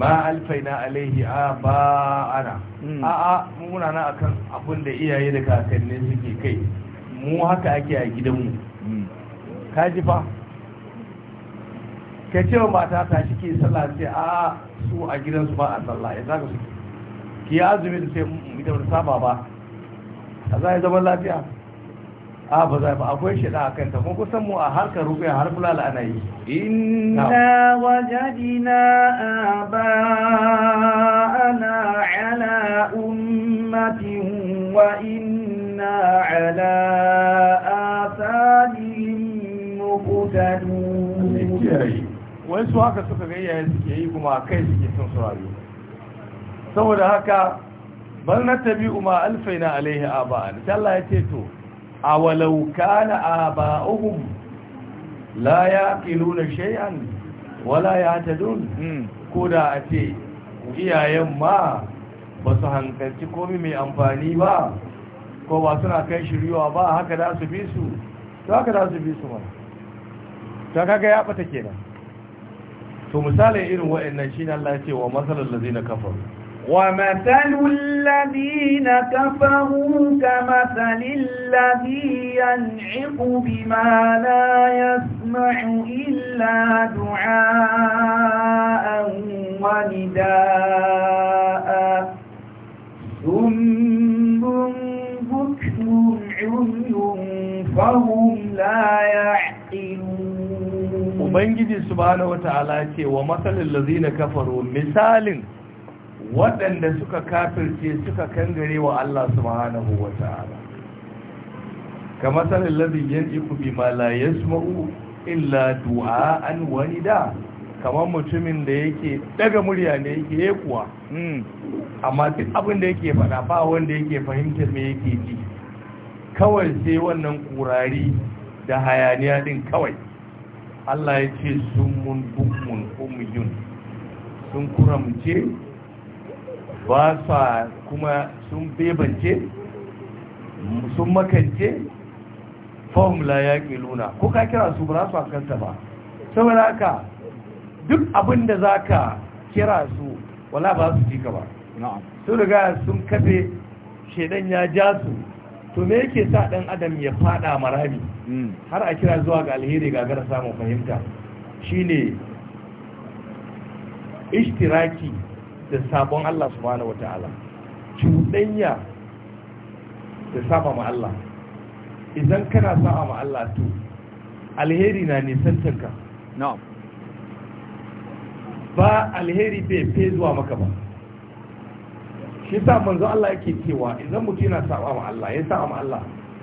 ma alfaina alaihi aba'ana a'a muna na akan abin da iyaye da kakanni suke kai mu haka ake a gidanmu Ka ji fa ka ce wa mata ta shi ke sallah sai a su a gidansu ba a sallah ya zaka su ki azumi da sai mu ita ba saba ba a zai zaman lafiya a ba za ba akwai shida a kanta kuma kusan mu a harkar rukuya har kula ana yi inna wajadina aba ana ala ummatin wa inna ala asalihim muqtadun wai su haka suka ga gayyaye suke yi kuma kai suke sun saboda haka bal na tabi'u ma alfaina alaihi aba'an Allah ya ce to awalau kana aba'uhum la yaqiluna shay'an wala Ko koda a ce iyayen ma ba su hankalci komai mai amfani ba ko ba suna kai shiryuwa ba haka da su bi su to haka da su bi su mana ta kaga ya bata kenan to misalin irin waɗannan shine Allah ya ce wa masalal lazina kafaru ومثل الذين كفروا كمثل الذي ينعق بما لا يسمع إلا دعاء ونداء ثم بكم عمي فهم لا يعقلون ومن جدي سبحانه وتعالى wa matsalin lazina kafaro misalin waɗanda suka kafirce suka kangare wa Allah subhanahu wa ta'ala kama sanin labin yanzu bi ma la yasma'u illa an wa nida kamar mutumin da yake daga murya ne yake yi kuwa hmm. amma duk abin da yake faɗa ba wanda yake fahimtar me yake ji kawai sai wannan kurari da hayaniya din kawai Allah ya ce sun mun bukmun umyun sun kuramce ba sa kuma sun bebance sun makance fahimla ya ke luna ko ka kira su ba su hankanta ba saboda haka duk abin da za ka kira su wala ba su ka ba sun riga sun kafe shaidan ya ja su to me yake sa dan adam ya fada marami hmm. har a kira zuwa ga alheri gagara samun fahimta shine ishtiraki da sabon Allah subhanahu wata'ala cuɗanya da saba ma Allah idan kana saba ma Allah to alheri na nisantarka na'am ba alheri bai fe zuwa maka ba shi sa manzo Allah yake cewa idan mutum yana saba ma Allah ya saba ma Allah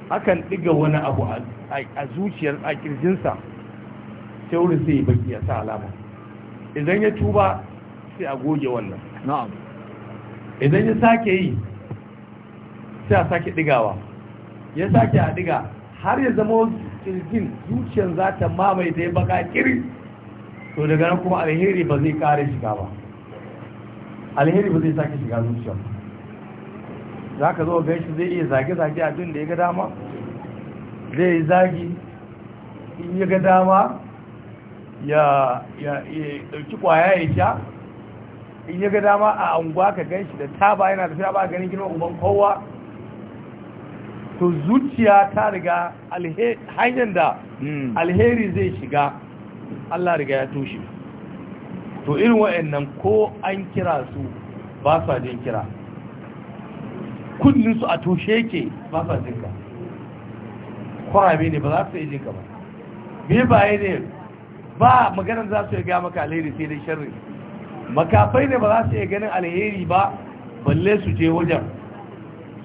akan diga wani abu a zuciyar a kirjinsa sai wuri sai baki ya sa alama idan ya tuba sai a goge wannan idan ya sake yi sai a sake digawa ya sake a diga har ya zama kirgin zuciyar za ta mamaye ta ya baka kiri to daga nan kuma alheri ba zai kare shiga ba alheri ba zai sake shiga zuciyar za ka zo gan shi zai iya zage-zage a dun da ya ga dama zai yi zagi in ya ga dama ya ɗauki kwaya ya sha in ya ga dama a anguwa ka gan shi da taba yana tafiya ba ganin gina uban kowa to zuciya ta riga hanyar da hmm. alheri zai shiga Allah riga ya toshe to irin wa'annan ko an kira su ba su jin kira kudinsu a toshe ke ba su ka, kwarabe ne ba za su yi jinka ba bibaye ne ba maganar za su yi ga maka alheri sai dai shirin makafai ne ba za su iya ganin alheri ba balle su je wajen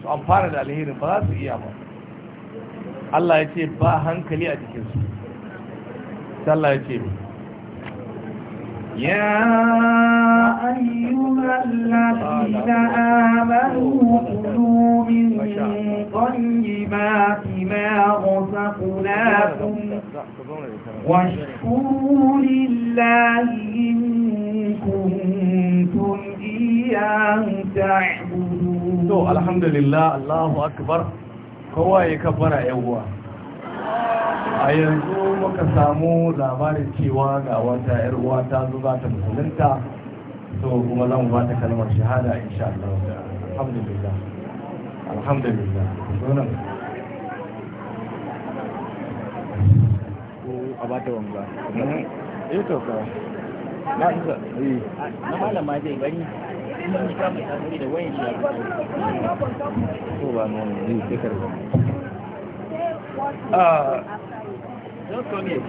su amfana da alherin ba za su iya ba Allah ya ce ba hankali a jikinsu Allah ya ce يا أيها الذين آمنوا كلوا من طيبات ما رزقناكم واشكروا لله إن كنتم إياه تعبدون تو الحمد لله الله أكبر kowa ya kabbara yawwa a yanzu muka samu labarin cewa ga wata yar uwa ta zuba ta musulunta so kuma za mu ba ta kalmar shahada insha Allah alhamdulillah alhamdulillah sunan a abata wanga eh to ka na to eh, eh, ah don't come here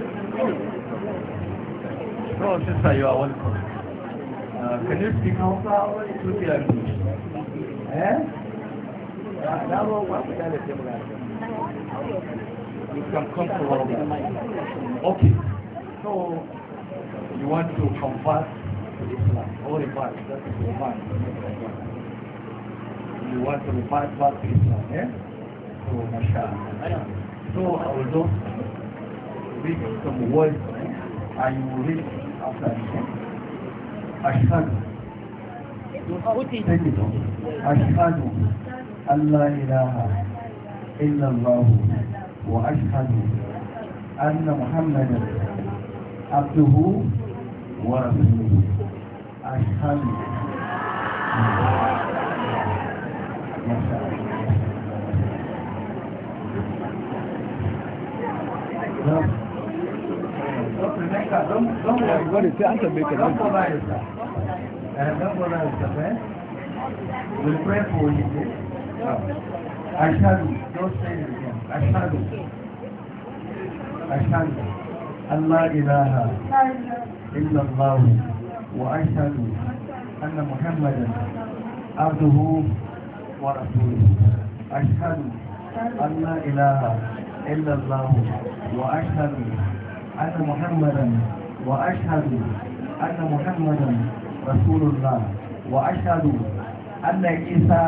sister you are welcome uh, can you speak Hausa to the language eh da you can come to our okay so you want to convert Islam or revert, that is revert. You want to revert back to Islam, yeah? So, mashallah. So, I will just read some words and eh, you will read after I Ashhadu أشهد تجد أشهد أن لا إله إلا الله وأشهد أن محمدا عبده ورسوله أشهد What is the answer maker? Don't provide yourself. Don't provide We'll pray for you. Eh? Ashadu. Don't say it again. Ashadu. Ashadu. Allah ilaha. إلا الله وأشهد أن محمدا عبده ورسوله أشهد أن لا إله إلا الله وأشهد أن محمدا وأشهد أن محمدا رسول الله وأشهد أن عيسى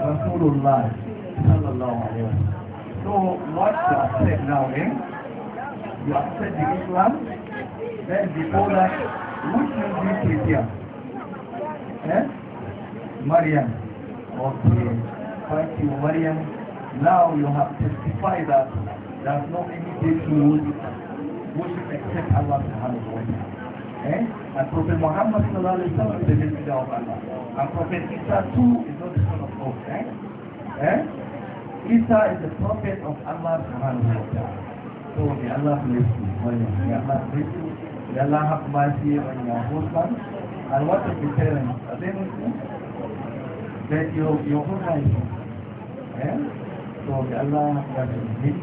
رسول الله صلى الله عليه وسلم. So what you accept now, eh? You accept the Islam Then before that, which should we prepare? Eh? Maryam. Okay. Thank you, Maryam. Now you have testified that there's no any day to worship, worship except Allah subhanahu wa ta'ala. Eh? And Prophet Muhammad sallallahu alayhi wa sallam is the messenger of Allah. And Prophet Isa too is not the son of God. Eh? Eh? Isa is the prophet of Allah subhanahu wa ta'ala. So may Allah bless you. May Allah bless you. May Allah have mercy on my husband. And what of the parents? Are they Muslims? That your, your husband So may Allah have mercy on him.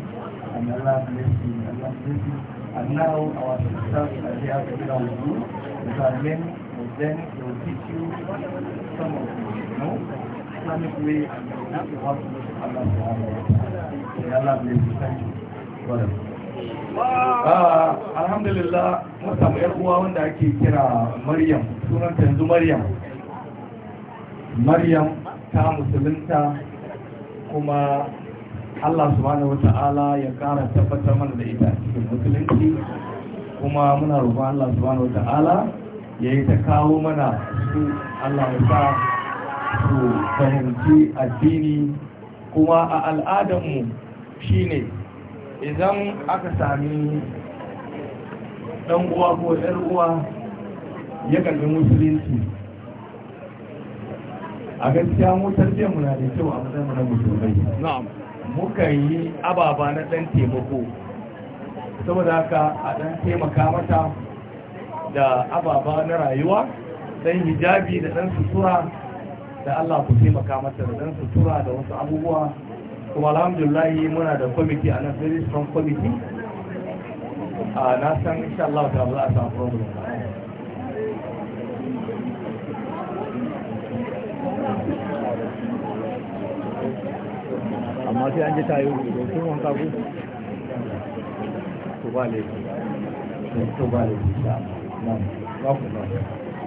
And Allah bless him. Allah bless him. And now our sisters are here together you. of them, they will teach you some of you know, Islamic way and Allah subhanahu wa ta'ala. Allah bless you. Thank you. Brother. Ah, alhamdulillah wata mai yar wanda ake kira maryam sunanta yanzu maryam maryam ta musulunta kuma allah subhanahu wata'ala ya kara tabbatar mana da ita cikin musulunci kuma muna roƙon allah subhanahu wata'ala ya yi ta kawo mana su allah ya sa su fahimci addini kuma a al'adanmu ne. idan aka sami ɗan uwa ko ‘yar uwa ya karbi musulunci a gaskiya motar jiya muna da kyau a matsayin na musulmai muka yi ababa na ɗan taimako saboda haka a ɗan taimaka mata da ababa na rayuwa ɗan hijabi da ɗan sutura da Allah ku taimaka mata da ɗan sutura da wasu abubuwa kuma alhamdulillahi muna da kwamiti a nan very strong kwamiti a na san insha Allah ta za a samu problem amma sai an ji yi sun wanka ku to ba le to ba le ba ku ba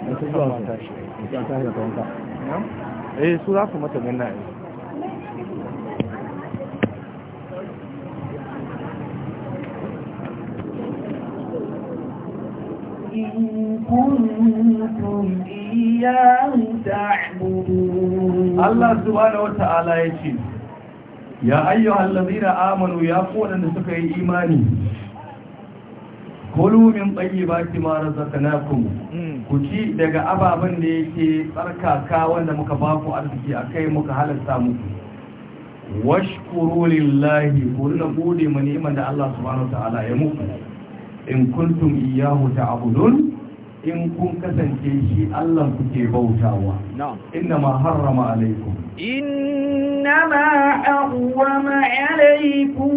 ne su zuwa shi ta ta ta wanka eh su za su mata ganna ne إن كنتم إياه تعبدون ya سبحانه Ya يشير يا أيها الذين آمنوا يا قولا لسكي إيماني kulu min ki mara razaqnakum ku ci daga ababen da yake tsarkaka wanda muka baku ku arziki kai muka halarta muku washkuru lahi, ku na gode ma neman da Allah subhanahu wa ta'ala ya muku in kuntum iyyahu ta'budun in kun kasance shi Allah kuke bautawa inna ma harrama alaikum inna ma harrama alaikum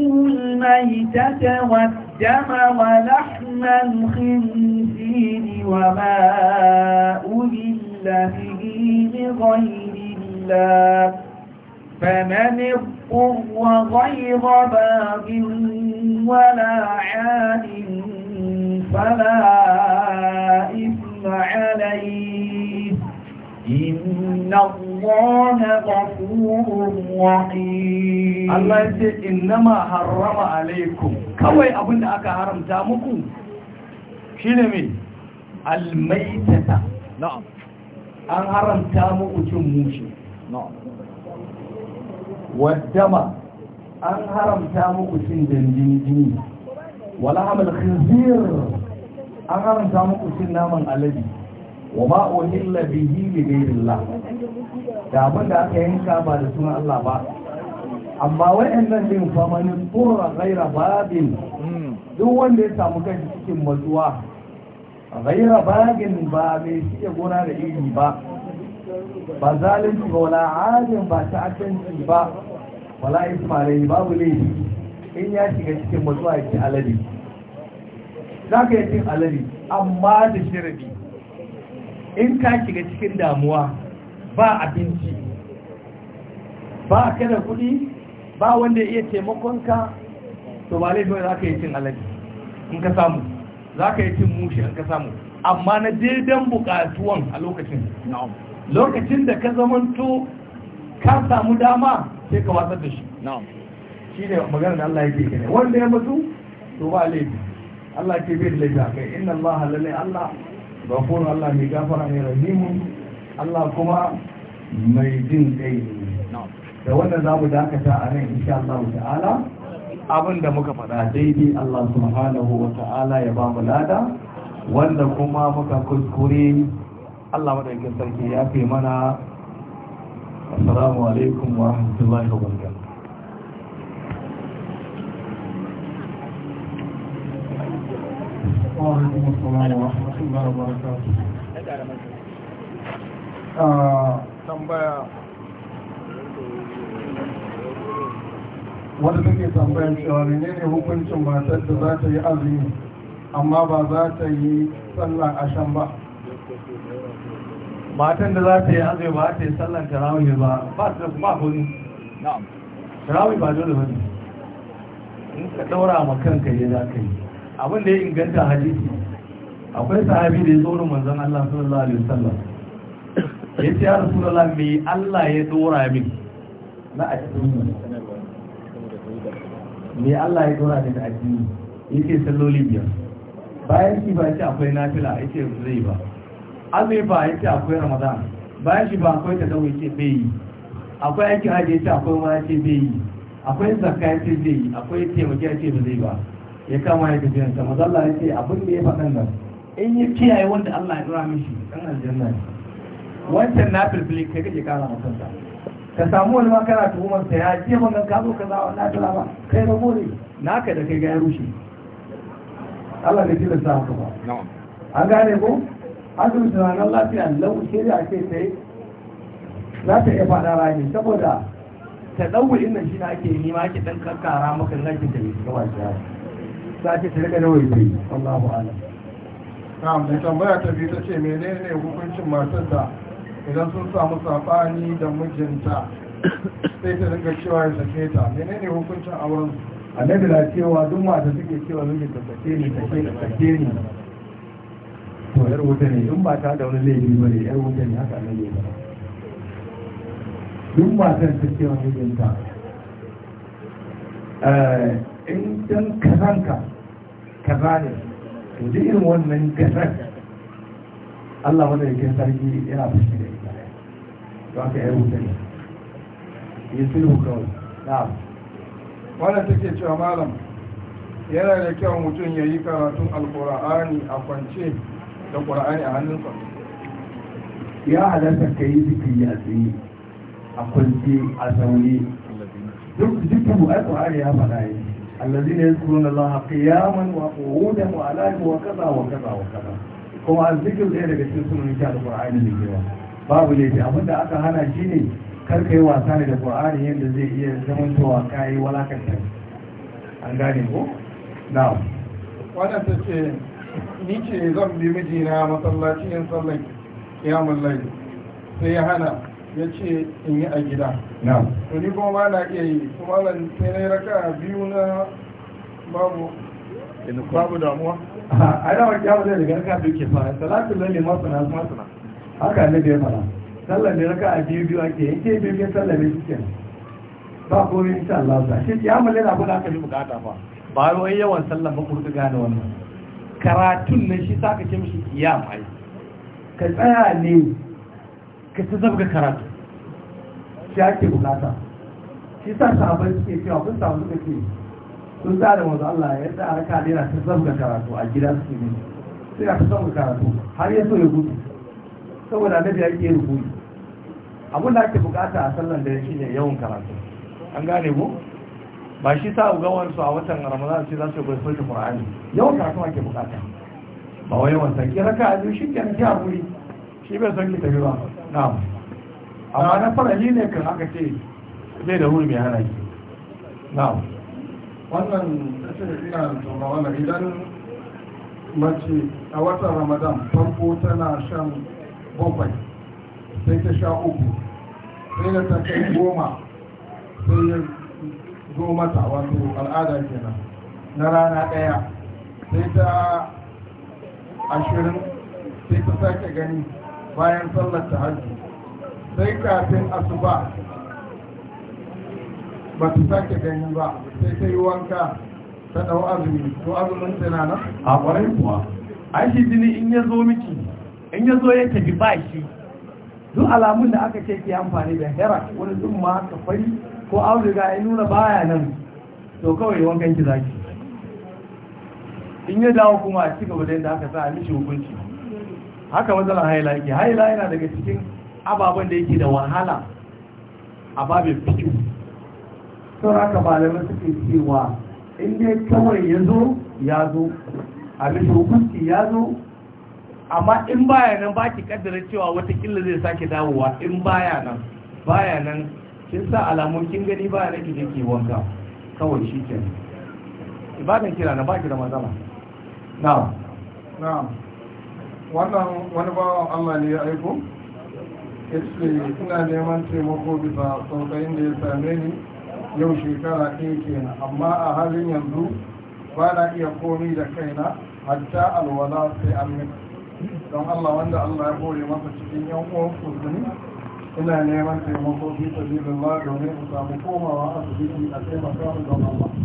al-maytata wad-dama wa lahma al-khinzir wa ma uhilla bihi li ghayri Allah فمن اضطر غير باغ ولا عاد فلا إثم عليه إن الله غفور رحيم الله يقول إنما حرم عليكم كوي أبن أكا حرم تامكم شنو مين الميتة نعم أن حرم تامكم موشي نعم wadama an haramta muku cin dangin jini wala hamal khinzir an haramta muku cin naman alade wa ma uhilla bihi li ghayrillah da abin da aka yanka ba da sunan Allah ba amma wayannan din fa man turra ghayra babin duk wanda ya samu kanshi cikin matsuwa ghayra bagin ba mai shi gona da iri ba ba zalunci ba wala adin ba ta ta'addanci ba wala ismalai babu laifi in ya shiga cikin mutuwa ya ci alade za ka yi cin alade amma da shirabi in ka shiga cikin damuwa ba abinci ba a kada kuɗi ba wanda iya taimakonka to ba laifin za ka yi cin alade in ka samu za ka yi cin mushi in ka samu amma na daidan buƙatuwan a lokacin na'am lokacin da ka zamanto ka samu dama sai ka watsar da shi shi ne magana da Allah yake gane wanda ya mutu to ba laifi Allah ke bai da laifi a kai inna Allah lalle Allah gafur Allah mai gafara mai rahimu Allah kuma mai jin kai da wannan za mu dakata a nan insha Allah ta'ala abin da muka faɗa daidai Allah subhanahu wa ta'ala ya ba mu lada wanda kuma muka kuskure Allah madaukakin sarki ya fi mana assalamu alaikum wa rahmatullahi wa barakatuh وعليكم السلام ah, take tambayar cewa ne ne hukuncin matar da za ta yi azumi amma ba za ta yi sallah ashan ba matan da za ta yi azai ba ta yi sallan tarawih ba ba su da kuma kuni Karawun ba dole wani in ka daura ma kanka yi za ka yi abin da ya inganta hadisi akwai sahabi da ya zo wurin manzon Allah sallallahu alaihi wasallam ya ce ya rasulullah me Allah ya dora min na yi me Allah ya dora min Ya yake salloli biyar bayan shi ba ce akwai nafila yake zai ba azurfa ya ce akwai ramadan bayan shi ba akwai tadau ya ce bai yi akwai aiki hajji ya ce akwai ma ce bai yi akwai zakka ya ce zai yi akwai taimaki ya ce ba zai ba ya kama ya tafi yanta mazalla ya ce abin da ya faɗan nan in yi kiyaye wanda Allah ya dora mishi ɗan aljanna ne wancan na filfili kai kake kara masanta ka samu wani ma kana tuhumar ta ya ce ban ka zo ka za wa lafiya ba kai na gore naka da kai ga ya rushe Allah bai tilasta haka ba an gane ko asibiti tunanin lafiya lau da ce sai za ta iya faɗa rami saboda ta ɗauwa inda shi na ake yi ma ki ɗan kankara maka lakin da yake kawai shi za ce ta rika nawai bai Allahu alam na'am da tambaya ta biyu ta ce menene hukuncin matar da idan sun samu saɓani da mijinta sai ta rika cewa ya sake ta menene hukuncin auren annabi na cewa duk mata suke cewa mijinta sake ne. sake ni sake ni to yar wuta ne in ba ta da wani laifi ba ne yar wuta ne haka nan ne ba duk matan ta ce wani mijinta eh, in dan kazanka kaza ne to duk irin wannan kazan Allah wanda yake sarki yana fushi da ita to aka yar wuta ne yi sulhu kawai na'am wannan take cewa malam yana da kyau mutum ya yi karatun alkur'ani a kwance da ƙwar'ani a hannunsa ya halatta ka yi zikin a tsaye a kwanci a zaune duk zikiru aiko ƙwar'ani ya faɗa yi allazi ne ya zikuru na Allah qiyaman wa qu'udan wa ala wa kaza wa kaza wa kaza kuma a zikin ɗaya daga cikin sunan ta da ƙwar'ani da kewa babu laifi abinda aka hana shi ne kar ka yi wasa ne da ƙwar'ani yadda zai iya zamantowa kayi walakanta an gane ko na'am wannan ta ce ni ce zan bi mijina masallaci yin sallan kiyamun laili sai ya hana ya ce in yi a gida to ni kuma ba na iya yi kuma lan sai na yi raka biyu na babu babu damuwa a dama kiyamun laili da raka biyu ke fara salatu lalle masana masana haka ne bai fara sallan da raka a biyu biyu ake yanke biyu ke sallan da suke ba kuma insha Allah ba shi kiyamun laili na kuma aka yi bukata ba ba wai yawan sallan ba ku gane wannan karatun nan shi sa ka ce mishi kiyam ai ka tsaya ne ka ta zabga karatu shi ake bukata shi sa sahabai suke cewa kun samu suka ce sun tsaya da wanzu Allah ya tsaya raka ne na ta zabga karatu a gida suke ne sai ta zabga karatu har ya ya gudu saboda na ya ke rubutu abin da ake bukata a sallan da ya shi ne yawan karatu an gane mu ba shi sa ga wansu a watan ramadan sai za su yi sauke yau ta kuma ke bukata ba wai wasa ki raka a biyu shi ke na a wuri shi bai son ki tafi ba na amma na farali ne kan aka ce zai da wuri mai hana ki na'am wannan ta ce ina tsoron wannan idan mace a watan ramadan farko tana shan bakwai sai ta sha uku sai da ta kai goma sai zo mata wato al'ada kenan na rana ɗaya sai ta ashirin sai ta sake gani bayan sallar ta hajji sai kafin asuba ba ta sake gani ba sai ta yi wanka ta ɗau azumi to azumin tana nan a ƙwarai kuwa an shi jini in ya zo miki in ya zo ya tafi ba shi duk alamun da aka ce ke amfani da hera wani zumma ka fari ko an riga ya nuna baya nan to kawai wankan ki zaki in yi dawo kuma a wadanda da aka sa a mishi hukunci haka matsalar haila haila yana daga cikin ababen da yake da wahala a babin fikiyu sau haka malamai suke cewa in kawai ya zo ya zo a mishi hukunci ya zo amma in baya nan ba ki kaddara cewa watakila zai sake dawowa in baya nan baya nan kin sa alamun kin gani ba a rage jiki wanka kawai shi ke ibadan kira na baki da matsala na na wannan wani bawan allah ne ya aiko ya ce suna neman taimako bisa saukayin da ya same ni yau shekara ɗaya kenan amma a halin yanzu ba na iya komi da kaina hatta alwala sai an don allah wanda allah ya kore masa cikin yan uwan musulmi ina neman taimako fi sabilillah domin su samu komawa asibiti a taimaka mu don